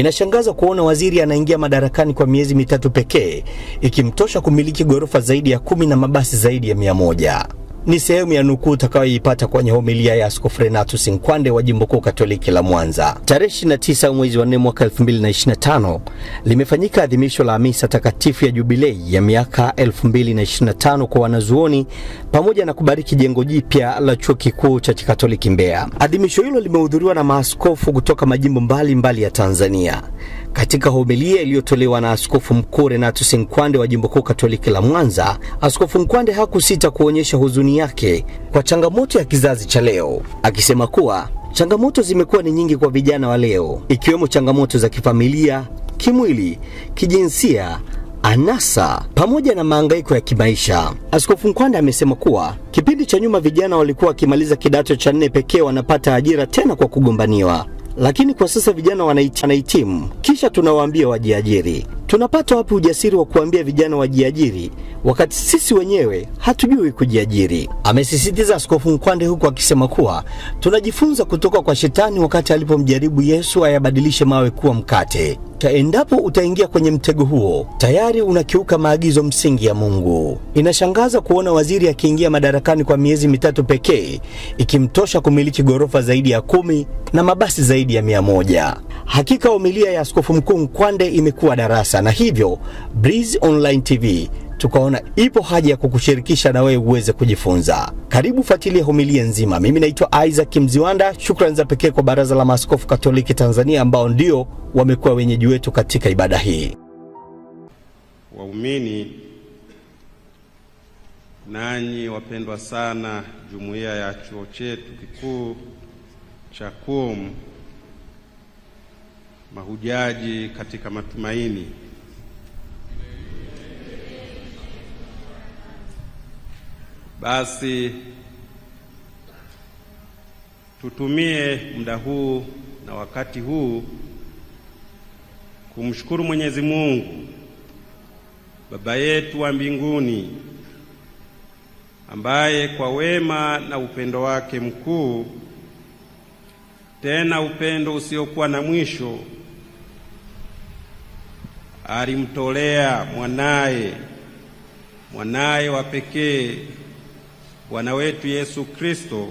Inashangaza kuona waziri anaingia madarakani kwa miezi mitatu pekee, ikimtosha kumiliki ghorofa zaidi ya kumi na mabasi zaidi ya mia moja ni sehemu ya nukuu utakayoipata kwenye homilia ya Askofu Renatus Nkwande wa Jimbo Kuu Katoliki la Mwanza. Tarehe 29 mwezi wa 4 mwaka 2025 limefanyika adhimisho la misa takatifu ya jubilei ya miaka 2025 kwa wanazuoni pamoja na kubariki jengo jipya la Chuo Kikuu cha Kikatoliki Mbeya. Adhimisho hilo limehudhuriwa na maaskofu kutoka majimbo mbalimbali mbali ya Tanzania. Katika homilia iliyotolewa na Askofu Mkuu Renatus Nkwande wa Jimbo Kuu Katoliki la Mwanza, Askofu Nkwande hakusita kuonyesha huzuni yake kwa changamoto ya kizazi cha leo, akisema kuwa changamoto zimekuwa ni nyingi kwa vijana wa leo, ikiwemo changamoto za kifamilia, kimwili, kijinsia anasa pamoja na mahangaiko ya kimaisha. Askofu Nkwande amesema kuwa kipindi cha nyuma vijana walikuwa wakimaliza kidato cha nne pekee wanapata ajira tena kwa kugombaniwa, lakini kwa sasa vijana wanahitimu, kisha tunawaambia wajiajiri. Tunapata wapi ujasiri wa kuambia vijana wajiajiri wakati sisi wenyewe hatujui kujiajiri? Amesisitiza Askofu Nkwande, huku akisema kuwa tunajifunza kutoka kwa Shetani wakati alipomjaribu Yesu ayabadilishe mawe kuwa mkate endapo utaingia kwenye mtego huo, tayari unakiuka maagizo msingi ya Mungu. Inashangaza kuona waziri akiingia madarakani kwa miezi mitatu pekee, ikimtosha kumiliki ghorofa zaidi ya kumi na mabasi zaidi ya mia moja. Hakika homilia ya Askofu Mkuu Nkwande imekuwa darasa, na hivyo Breeze Online TV tukaona ipo haja ya kukushirikisha na wewe uweze kujifunza. Karibu fuatilia homilia nzima. Mimi naitwa Isaac Mziwanda. Shukrani za pekee kwa Baraza la Maaskofu Katoliki Tanzania ambao ndio wamekuwa wenyeji wetu katika ibada hii. Waumini nanyi wapendwa sana, jumuiya ya chuo chetu kikuu cha CUM, mahujaji katika matumaini Basi tutumie muda huu na wakati huu kumshukuru Mwenyezi Mungu Baba yetu wa mbinguni ambaye kwa wema na upendo wake mkuu, tena upendo usiokuwa na mwisho, alimtolea mwanaye mwanaye wa pekee Bwana wetu Yesu Kristo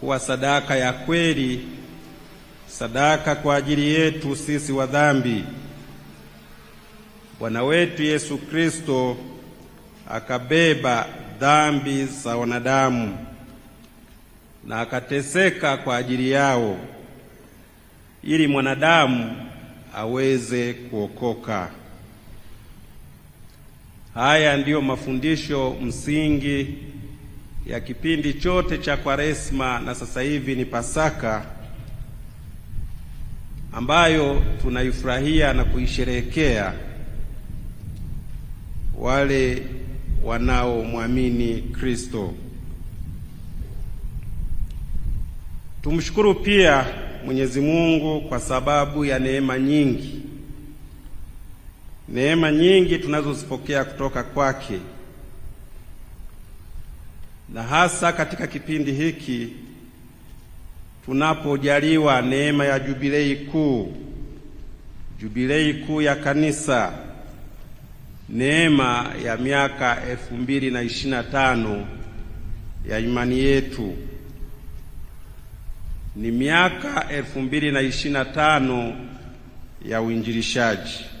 kuwa sadaka ya kweli, sadaka kwa ajili yetu sisi wa dhambi. Bwana wetu Yesu Kristo akabeba dhambi za wanadamu na akateseka kwa ajili yao ili mwanadamu aweze kuokoka. Haya ndiyo mafundisho msingi ya kipindi chote cha Kwaresma na sasa hivi ni Pasaka ambayo tunaifurahia na kuisherehekea wale wanaomwamini Kristo. Tumshukuru pia Mwenyezi Mungu kwa sababu ya neema nyingi neema nyingi tunazozipokea kutoka kwake na hasa katika kipindi hiki tunapojaliwa neema ya jubilei kuu, jubilei kuu ya kanisa, neema ya miaka elfu mbili na ishirini na tano ya imani yetu. Ni miaka elfu mbili na ishirini na tano ya uinjilishaji.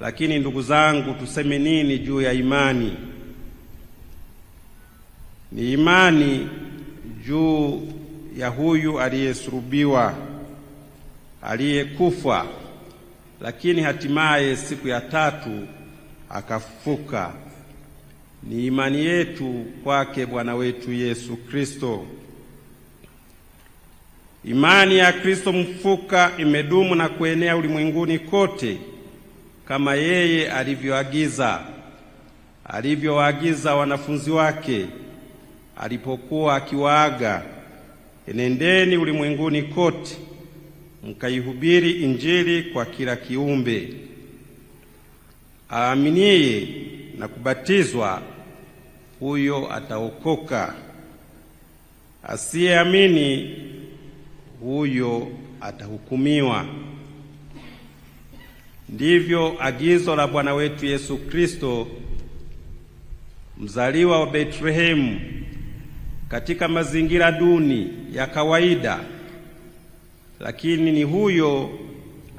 Lakini ndugu zangu, tuseme nini juu ya imani? Ni imani juu ya huyu aliyesulubiwa, aliyekufa, lakini hatimaye siku ya tatu akafufuka. Ni imani yetu kwake Bwana wetu Yesu Kristo. Imani ya Kristo mfuka imedumu na kuenea ulimwenguni kote kama yeye alivyoagiza alivyowaagiza wanafunzi wake alipokuwa akiwaaga, enendeni ulimwenguni kote mkaihubiri Injili kwa kila kiumbe. Aaminiye na kubatizwa huyo ataokoka, asiyeamini huyo atahukumiwa. Ndivyo agizo la Bwana wetu Yesu Kristo, mzaliwa wa Betlehemu katika mazingira duni ya kawaida, lakini ni huyo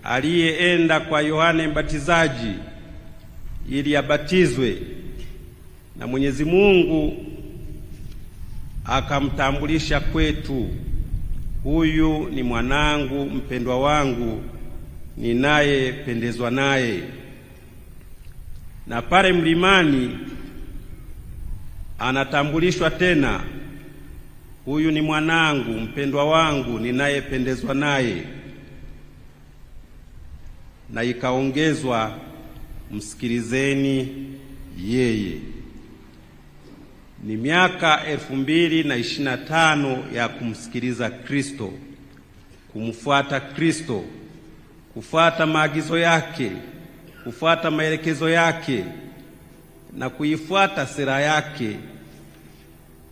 aliyeenda kwa Yohane Mbatizaji ili abatizwe na Mwenyezi Mungu akamtambulisha kwetu, huyu ni mwanangu mpendwa wangu ninayependezwa naye, na pale mlimani anatambulishwa tena, huyu ni mwanangu mpendwa wangu ninayependezwa naye, na ikaongezwa msikilizeni yeye. Ni miaka elfu mbili na ishirini na tano ya kumsikiliza Kristo, kumfuata Kristo kufuata maagizo yake, kufuata maelekezo yake na kuifuata sera yake,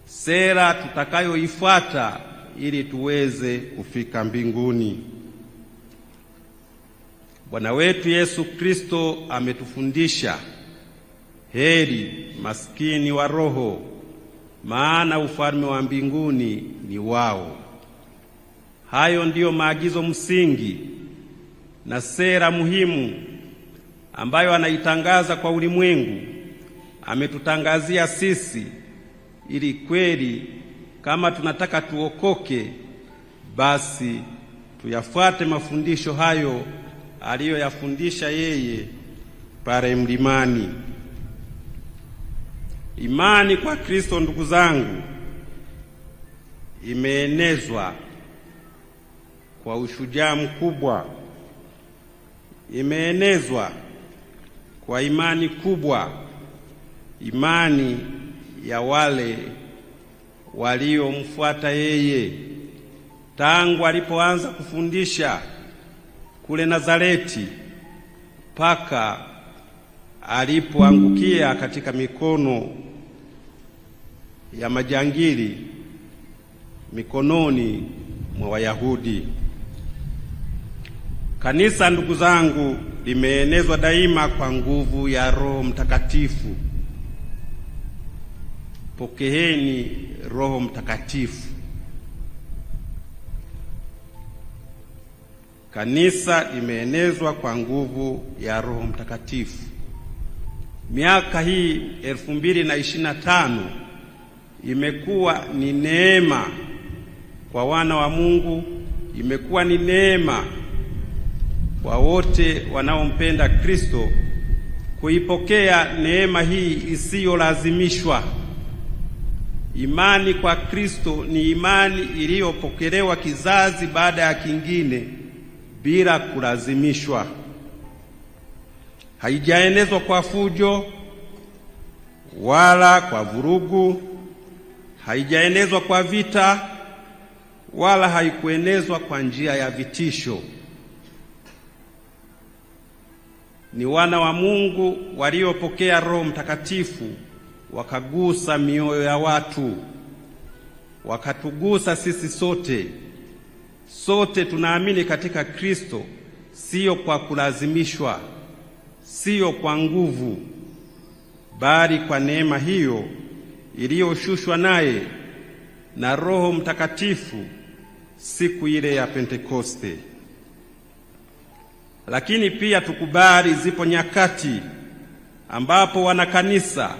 sera tutakayoifuata ili tuweze kufika mbinguni. Bwana wetu Yesu Kristo ametufundisha heri maskini wa roho, maana ufalme wa mbinguni ni wao. Hayo ndiyo maagizo msingi na sera muhimu ambayo anaitangaza kwa ulimwengu, ametutangazia sisi, ili kweli kama tunataka tuokoke, basi tuyafuate mafundisho hayo aliyoyafundisha yeye pale mlimani. Imani kwa Kristo, ndugu zangu, imeenezwa kwa ushujaa mkubwa imeenezwa kwa imani kubwa imani ya wale waliomfuata yeye tangu alipoanza kufundisha kule Nazareti mpaka alipoangukia katika mikono ya majangili mikononi mwa Wayahudi. Kanisa, ndugu zangu, limeenezwa daima kwa nguvu ya Roho Mtakatifu. Pokeeni Roho Mtakatifu. Kanisa limeenezwa kwa nguvu ya Roho Mtakatifu. Miaka hii elfu mbili na ishirini na tano imekuwa ni neema kwa wana wa Mungu, imekuwa ni neema kwa wote wanaompenda Kristo kuipokea neema hii isiyolazimishwa. Imani kwa Kristo ni imani iliyopokelewa kizazi baada ya kingine bila kulazimishwa. Haijaenezwa kwa fujo wala kwa vurugu, haijaenezwa kwa vita wala haikuenezwa kwa njia ya vitisho. ni wana wa Mungu waliopokea Roho Mtakatifu wakagusa mioyo ya watu, wakatugusa sisi sote. Sote tunaamini katika Kristo, siyo kwa kulazimishwa, siyo kwa nguvu, bali kwa neema hiyo iliyoshushwa naye na Roho Mtakatifu siku ile ya Pentekoste. Lakini pia tukubali, zipo nyakati ambapo wanakanisa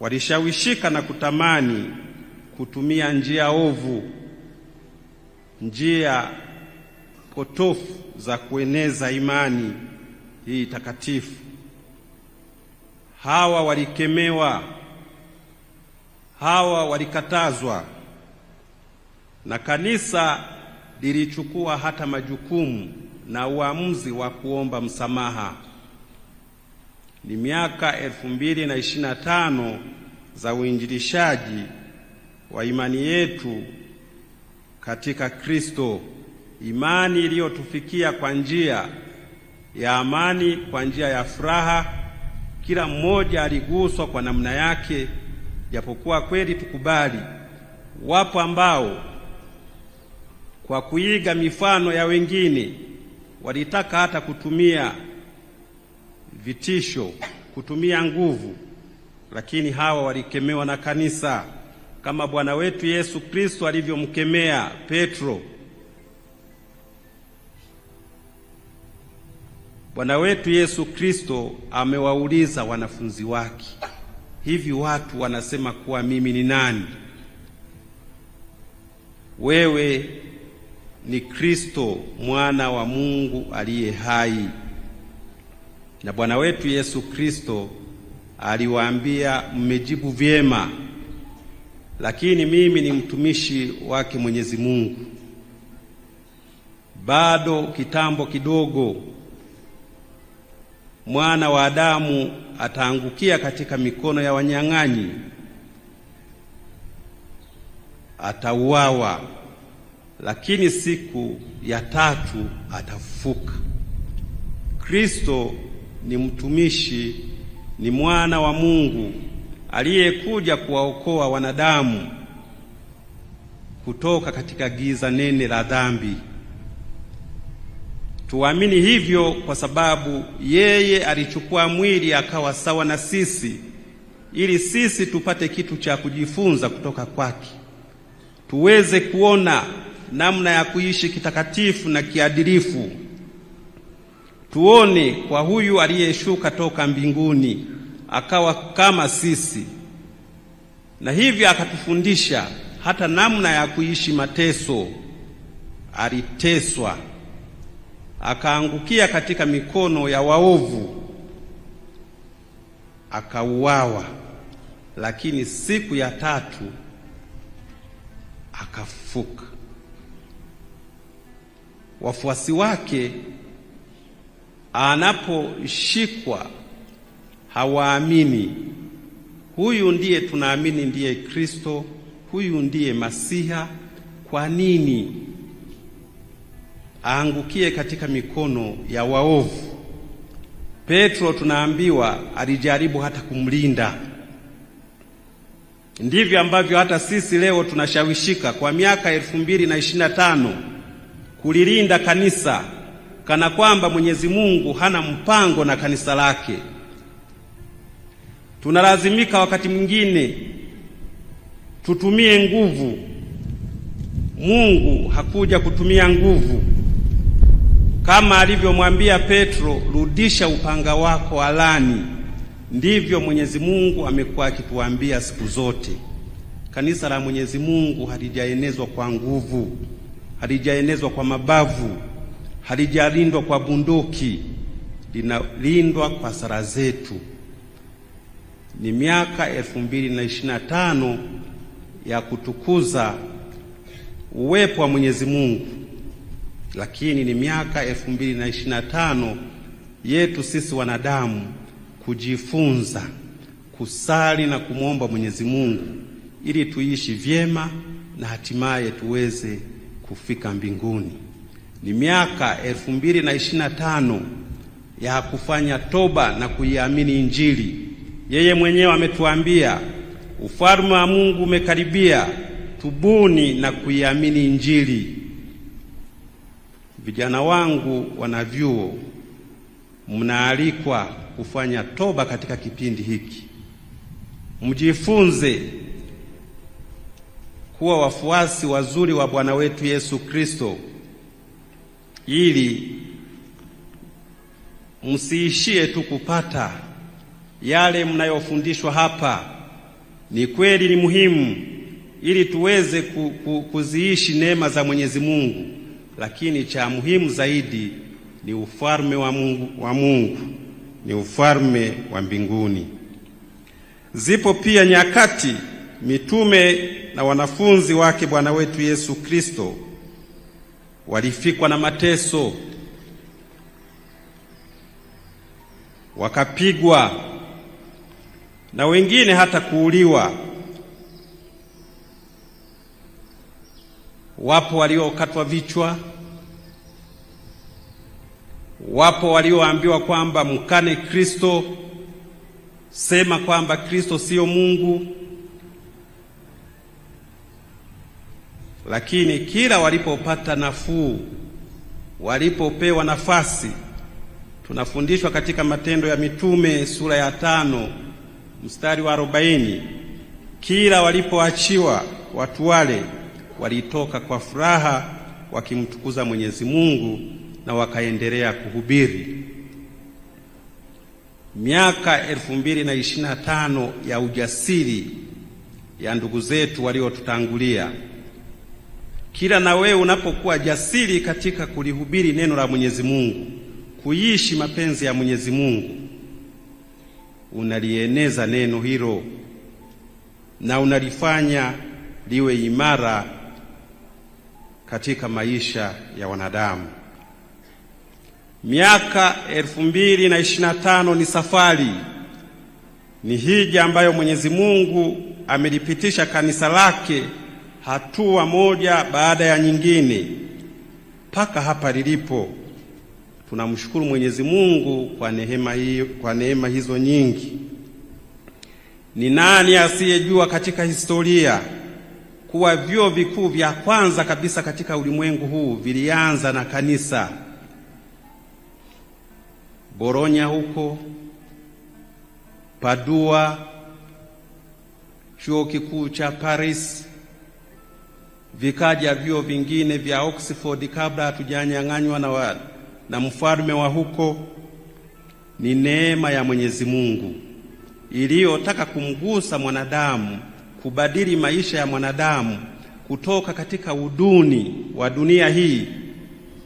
walishawishika na kutamani kutumia njia ovu, njia potofu za kueneza imani hii takatifu. Hawa walikemewa, hawa walikatazwa, na kanisa lilichukua hata majukumu na uamuzi wa kuomba msamaha. Ni miaka elfu mbili na ishirini na tano za uinjilishaji wa imani yetu katika Kristo, imani iliyotufikia kwa njia ya amani, kwa njia ya furaha. Kila mmoja aliguswa kwa namna yake, japokuwa kweli tukubali, wapo ambao kwa kuiga mifano ya wengine walitaka hata kutumia vitisho, kutumia nguvu, lakini hawa walikemewa na kanisa kama Bwana wetu Yesu Kristo alivyomkemea Petro. Bwana wetu Yesu Kristo amewauliza wanafunzi wake, hivi watu wanasema kuwa mimi ni nani? Wewe ni Kristo mwana wa Mungu aliye hai. Na Bwana wetu Yesu Kristo aliwaambia, mmejibu vyema, lakini mimi ni mtumishi wake Mwenyezi Mungu. Bado kitambo kidogo mwana wa Adamu ataangukia katika mikono ya wanyang'anyi, atauawa lakini siku ya tatu atafufuka. Kristo ni mtumishi, ni mwana wa Mungu aliyekuja kuwaokoa wanadamu kutoka katika giza nene la dhambi. Tuamini hivyo kwa sababu yeye alichukua mwili akawa sawa na sisi, ili sisi tupate kitu cha kujifunza kutoka kwake, tuweze kuona namna ya kuishi kitakatifu na kiadilifu. Tuone kwa huyu aliyeshuka toka mbinguni akawa kama sisi, na hivyo akatufundisha hata namna ya kuishi mateso. Aliteswa, akaangukia katika mikono ya waovu, akauawa, lakini siku ya tatu akafufuka wafuasi wake anaposhikwa hawaamini. Huyu ndiye tunaamini ndiye Kristo, huyu ndiye Masiha. Kwa nini aangukie katika mikono ya waovu? Petro tunaambiwa alijaribu hata kumlinda. Ndivyo ambavyo hata sisi leo tunashawishika kwa miaka elfu mbili na ishirini na tano kulilinda kanisa kana kwamba Mwenyezi Mungu hana mpango na kanisa lake. Tunalazimika wakati mwingine tutumie nguvu. Mungu hakuja kutumia nguvu, kama alivyomwambia Petro, rudisha upanga wako alani. Ndivyo Mwenyezi Mungu amekuwa akituambia siku zote. Kanisa la Mwenyezi Mungu halijaenezwa kwa nguvu halijaenezwa kwa mabavu, halijalindwa kwa bunduki, linalindwa kwa sala zetu. Ni miaka elfu mbili na ishirini na tano ya kutukuza uwepo wa Mwenyezi Mungu, lakini ni miaka elfu mbili na ishirini na tano yetu sisi wanadamu kujifunza kusali na kumwomba Mwenyezi Mungu ili tuishi vyema na hatimaye tuweze kufika mbinguni. Ni miaka elfu mbili na ishirini na tano ya kufanya toba na kuiamini Injili. Yeye mwenyewe ametuambia ufalme wa Mungu umekaribia, tubuni na kuiamini Injili. Vijana wangu wanavyuo, mnaalikwa kufanya toba katika kipindi hiki, mjifunze kuwa wafuasi wazuri wa Bwana wetu Yesu Kristo, ili msiishie tu kupata yale mnayofundishwa hapa. Ni kweli, ni muhimu ili tuweze ku, ku, kuziishi neema za Mwenyezi Mungu, lakini cha muhimu zaidi ni ufalme wa Mungu, wa Mungu ni ufalme wa mbinguni. Zipo pia nyakati mitume na wanafunzi wake Bwana wetu Yesu Kristo walifikwa na mateso, wakapigwa na wengine hata kuuliwa. Wapo waliokatwa vichwa, wapo walioambiwa kwamba mkane Kristo, sema kwamba Kristo siyo Mungu. lakini kila walipopata nafuu, walipopewa nafasi, tunafundishwa katika Matendo ya Mitume sura ya tano mstari wa arobaini kila walipoachiwa watu wale walitoka kwa furaha wakimtukuza Mwenyezi Mungu na wakaendelea kuhubiri. Miaka elfu mbili na ishirini na tano ya ujasiri ya ndugu zetu waliotutangulia. Kila na wewe unapokuwa jasiri katika kulihubiri neno la Mwenyezi Mungu, kuishi mapenzi ya Mwenyezi Mungu, unalieneza neno hilo na unalifanya liwe imara katika maisha ya wanadamu. Miaka elfu mbili na ishirini na tano ni safari, ni hija ambayo Mwenyezi Mungu amelipitisha kanisa lake hatua moja baada ya nyingine mpaka hapa lilipo. Tunamshukuru Mwenyezi Mungu kwa neema hiyo, kwa neema hizo nyingi. Ni nani asiyejua katika historia kuwa vyuo vikuu vya kwanza kabisa katika ulimwengu huu vilianza na kanisa? Boronya huko, Padua, chuo kikuu cha Paris vikaja vyuo vingine vya Oxford kabla hatujanyang'anywa na, wa, na mfalme wa huko. Ni neema ya Mwenyezi Mungu iliyotaka kumgusa mwanadamu, kubadili maisha ya mwanadamu kutoka katika uduni wa dunia hii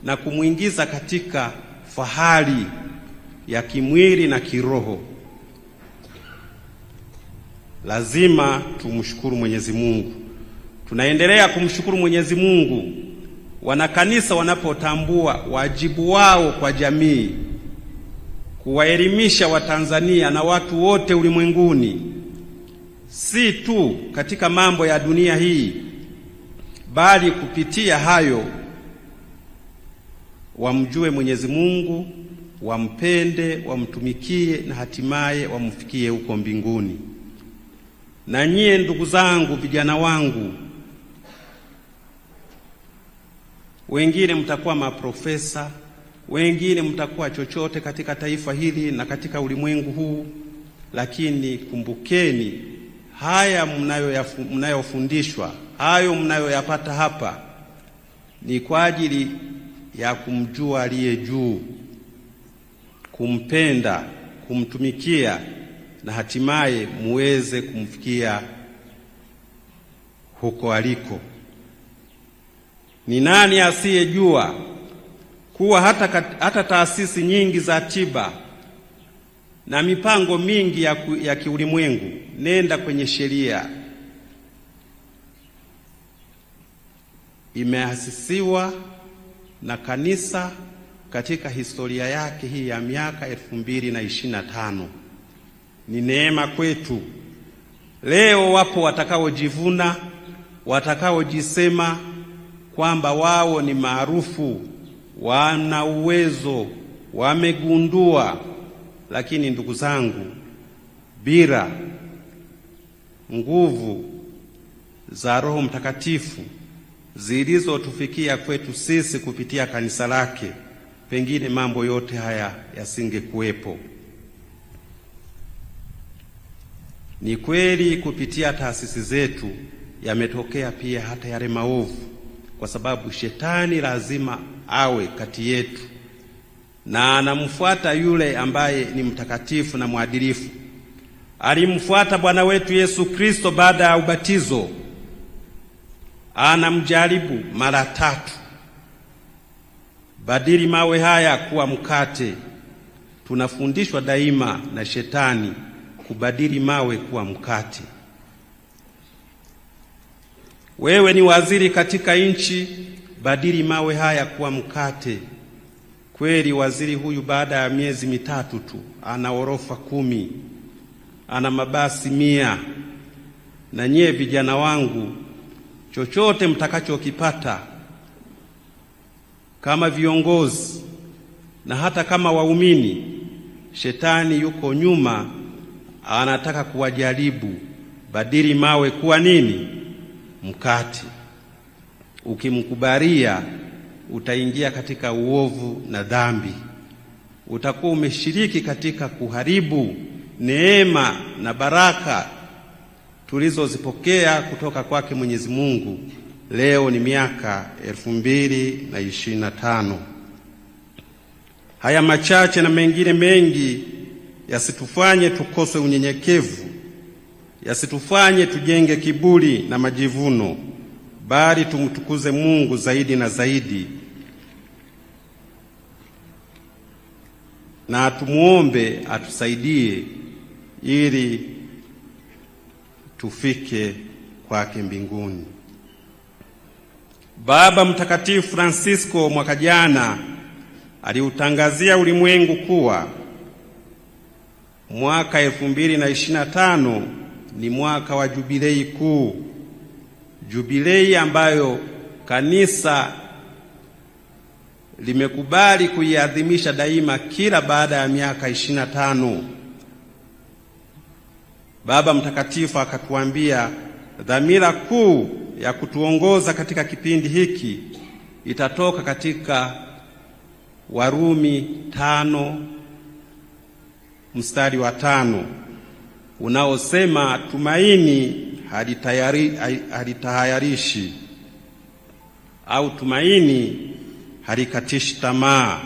na kumwingiza katika fahari ya kimwili na kiroho. Lazima tumshukuru Mwenyezi Mungu. Tunaendelea kumshukuru Mwenyezi Mungu wanakanisa wanapotambua wajibu wao kwa jamii, kuwaelimisha Watanzania na watu wote ulimwenguni, si tu katika mambo ya dunia hii, bali kupitia hayo wamjue Mwenyezi Mungu, wampende, wamtumikie na hatimaye wamfikie huko mbinguni. Na nyie ndugu zangu, vijana wangu wengine mtakuwa maprofesa, wengine mtakuwa chochote katika taifa hili na katika ulimwengu huu, lakini kumbukeni haya mnayofundishwa, hayo mnayoyapata hapa ni kwa ajili ya kumjua aliye juu, kumpenda, kumtumikia na hatimaye muweze kumfikia huko aliko. Ni nani asiyejua kuwa hata, hata taasisi nyingi za tiba na mipango mingi ya, ya kiulimwengu nenda kwenye sheria imeasisiwa na kanisa katika historia yake hii ya miaka elfu mbili na ishirini na tano. Ni neema kwetu. Leo wapo watakaojivuna, watakaojisema kwamba wao ni maarufu, wana uwezo, wamegundua. Lakini ndugu zangu, bila nguvu za Roho Mtakatifu zilizotufikia kwetu sisi kupitia kanisa lake, pengine mambo yote haya yasingekuwepo. Ni kweli kupitia taasisi zetu yametokea pia hata yale maovu kwa sababu shetani lazima awe kati yetu, na anamfuata yule ambaye ni mtakatifu na mwadilifu. Alimfuata Bwana wetu Yesu Kristo baada ya ubatizo, anamjaribu mara tatu: badili mawe haya kuwa mkate. Tunafundishwa daima na shetani kubadili mawe kuwa mkate. Wewe ni waziri katika nchi, badili mawe haya kuwa mkate. Kweli waziri huyu baada ya miezi mitatu tu ana orofa kumi, ana mabasi mia. Na nyie vijana wangu, chochote mtakachokipata kama viongozi na hata kama waumini, shetani yuko nyuma, anataka kuwajaribu. Badili mawe kuwa nini? mkati, ukimkubalia utaingia katika uovu na dhambi, utakuwa umeshiriki katika kuharibu neema na baraka tulizozipokea kutoka kwake Mwenyezi Mungu. Leo ni miaka elfu mbili na ishirini na tano. Haya machache na mengine mengi yasitufanye tukose unyenyekevu yasitufanye tujenge kiburi na majivuno, bali tumtukuze Mungu zaidi na zaidi, na tumuombe atusaidie ili tufike kwake mbinguni. Baba Mtakatifu Francisco mwaka jana aliutangazia ulimwengu kuwa mwaka 2025 ni mwaka wa jubilei kuu, jubilei ambayo kanisa limekubali kuiadhimisha daima kila baada ya miaka ishirini na tano. Baba Mtakatifu akatuambia dhamira kuu ya kutuongoza katika kipindi hiki itatoka katika Warumi tano mstari wa tano unaosema tumaini halitahayarishi au tumaini halikatishi tamaa.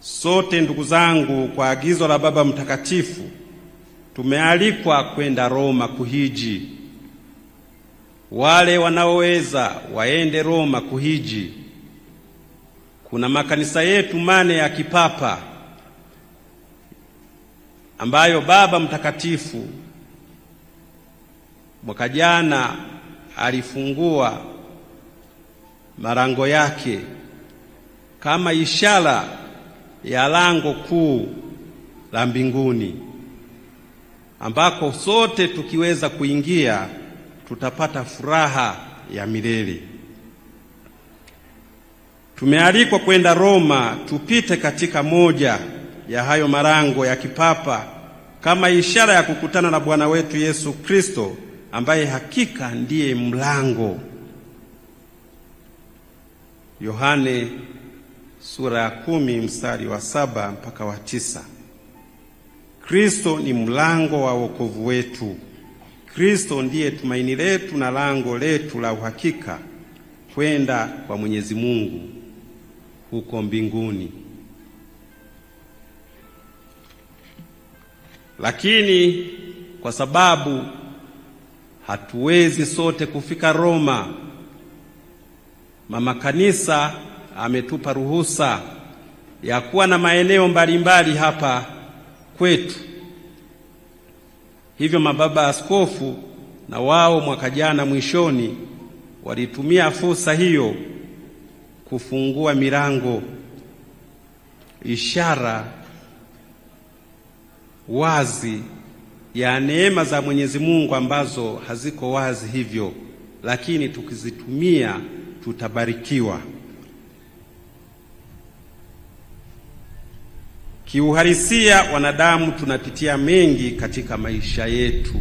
Sote ndugu zangu, kwa agizo la Baba Mtakatifu tumealikwa kwenda Roma kuhiji. Wale wanaoweza waende Roma kuhiji. Kuna makanisa yetu mane ya kipapa ambayo Baba Mtakatifu mwaka jana alifungua marango yake kama ishara ya lango kuu la mbinguni ambako sote tukiweza kuingia tutapata furaha ya milele. Tumealikwa kwenda Roma, tupite katika moja ya hayo marango ya kipapa kama ishara ya kukutana na Bwana wetu Yesu Kristo ambaye hakika ndiye mlango. Yohane sura ya kumi mstari wa saba mpaka wa tisa. Kristo ni mlango wa wokovu wetu. Kristo ndiye tumaini letu na lango letu la uhakika kwenda kwa Mwenyezi Mungu huko mbinguni. Lakini kwa sababu hatuwezi sote kufika Roma, mama kanisa ametupa ruhusa ya kuwa na maeneo mbalimbali hapa kwetu. Hivyo mababa askofu na wao mwaka jana mwishoni walitumia fursa hiyo kufungua milango, ishara wazi ya neema za Mwenyezi Mungu ambazo haziko wazi hivyo, lakini tukizitumia tutabarikiwa. Kiuhalisia, wanadamu tunapitia mengi katika maisha yetu.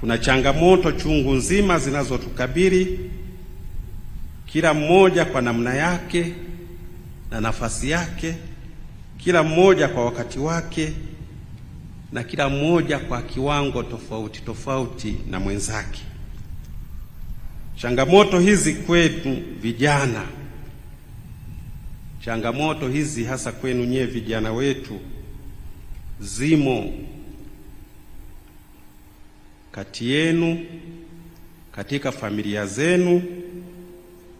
Kuna changamoto chungu nzima zinazotukabili kila mmoja kwa namna yake na nafasi yake, kila mmoja kwa wakati wake na kila mmoja kwa kiwango tofauti tofauti na mwenzake. Changamoto hizi kwetu vijana, changamoto hizi hasa kwenu nyewe vijana wetu, zimo kati yenu, katika familia zenu,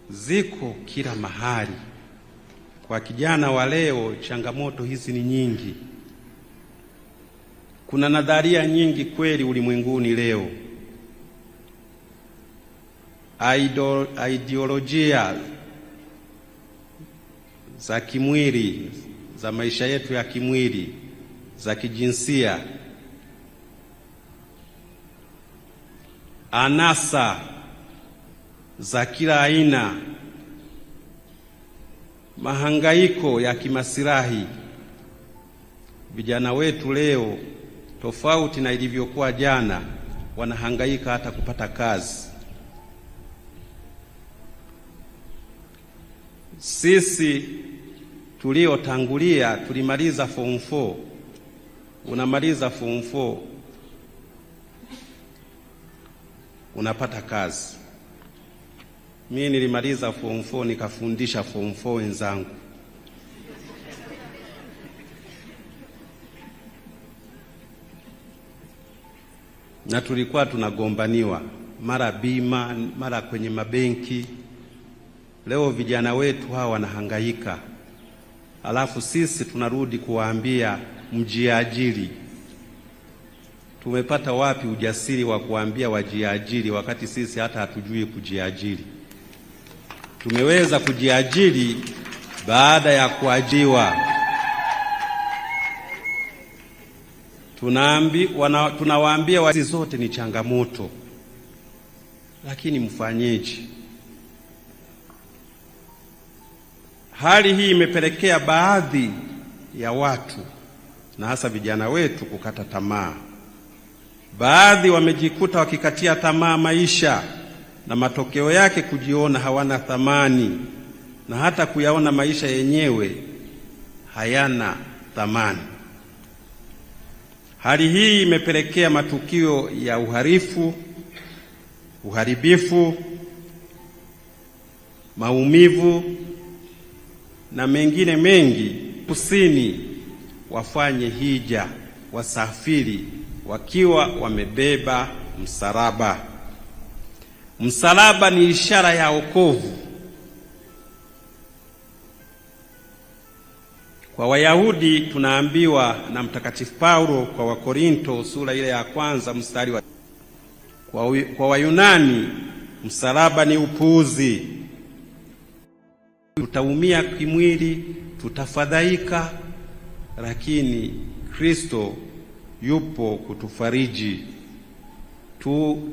ziko kila mahali. Kwa kijana wa leo, changamoto hizi ni nyingi. Kuna nadharia nyingi kweli ulimwenguni leo, ideolojia za kimwili, za maisha yetu ya kimwili, za kijinsia, anasa za kila aina mahangaiko ya kimasirahi. Vijana wetu leo, tofauti na ilivyokuwa jana, wanahangaika hata kupata kazi. Sisi tuliotangulia tulimaliza form 4. Unamaliza form 4 unapata kazi mimi nilimaliza form 4 nikafundisha form 4 wenzangu. Na tulikuwa tunagombaniwa mara bima, mara kwenye mabenki. Leo vijana wetu hawa wanahangaika, alafu sisi tunarudi kuwaambia mjiajiri. Tumepata wapi ujasiri wa kuambia wajiajiri, wakati sisi hata hatujui kujiajiri? tumeweza kujiajiri baada ya kuajiwa. Tunaambi, wana, tunawaambia wazi zote ni changamoto, lakini mfanyeje? Hali hii imepelekea baadhi ya watu na hasa vijana wetu kukata tamaa. Baadhi wamejikuta wakikatia tamaa maisha na matokeo yake kujiona hawana thamani na hata kuyaona maisha yenyewe hayana thamani. Hali hii imepelekea matukio ya uhalifu, uharibifu, maumivu na mengine mengi. Kusini wafanye hija, wasafiri wakiwa wamebeba msalaba. Msalaba ni ishara ya wokovu. Kwa Wayahudi tunaambiwa na Mtakatifu Paulo kwa Wakorinto sura ile ya kwanza mstari wa kwa, kwa Wayunani msalaba ni upuuzi, tutaumia kimwili, tutafadhaika, lakini Kristo yupo kutufariji tu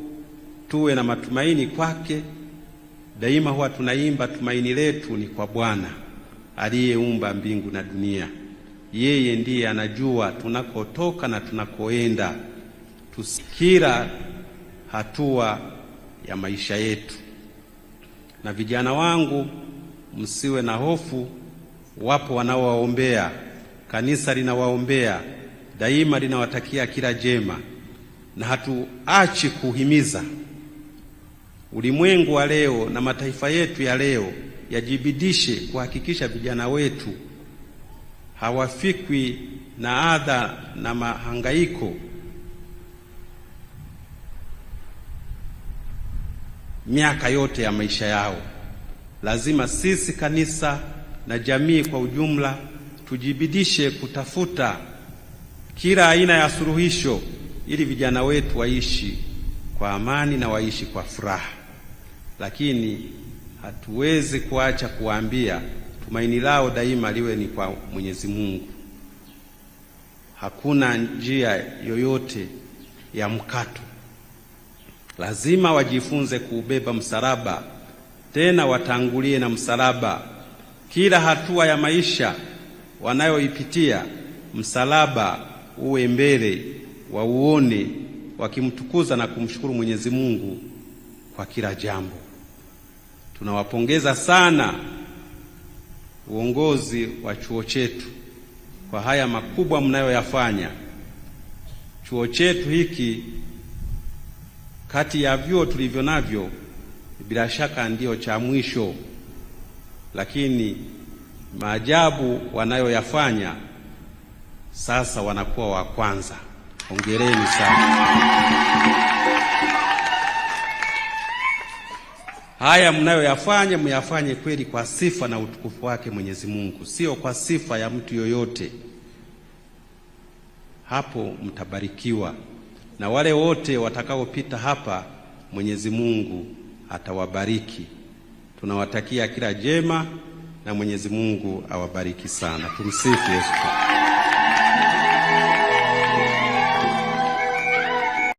tuwe na matumaini kwake daima. Huwa tunaimba tumaini letu ni kwa Bwana aliyeumba mbingu na dunia. Yeye ndiye anajua tunakotoka na tunakoenda, tusikira hatua ya maisha yetu. Na vijana wangu, msiwe na hofu, wapo wanaowaombea, kanisa linawaombea daima, linawatakia kila jema na hatuachi kuhimiza Ulimwengu wa leo na mataifa yetu ya leo yajibidishe kuhakikisha vijana wetu hawafikwi na adha na mahangaiko miaka yote ya maisha yao. Lazima sisi kanisa na jamii kwa ujumla tujibidishe kutafuta kila aina ya suluhisho ili vijana wetu waishi kwa amani na waishi kwa furaha lakini hatuwezi kuacha kuwaambia tumaini lao daima liwe ni kwa Mwenyezi Mungu. Hakuna njia yoyote ya mkato, lazima wajifunze kuubeba msalaba, tena watangulie na msalaba. Kila hatua ya maisha wanayoipitia msalaba uwe mbele, wauone wakimtukuza na kumshukuru Mwenyezi Mungu kwa kila jambo. Tunawapongeza sana uongozi wa chuo chetu kwa haya makubwa mnayoyafanya. Chuo chetu hiki kati ya vyuo tulivyo navyo bila shaka ndiyo cha mwisho, lakini maajabu wanayoyafanya sasa, wanakuwa wa kwanza. Hongereni sana. haya mnayoyafanya myafanye kweli kwa sifa na utukufu wake Mwenyezi Mungu, sio kwa sifa ya mtu yoyote. Hapo mtabarikiwa na wale wote watakaopita hapa, Mwenyezi Mungu atawabariki. Tunawatakia kila jema na Mwenyezi Mungu awabariki sana. Tumsifu Yesu.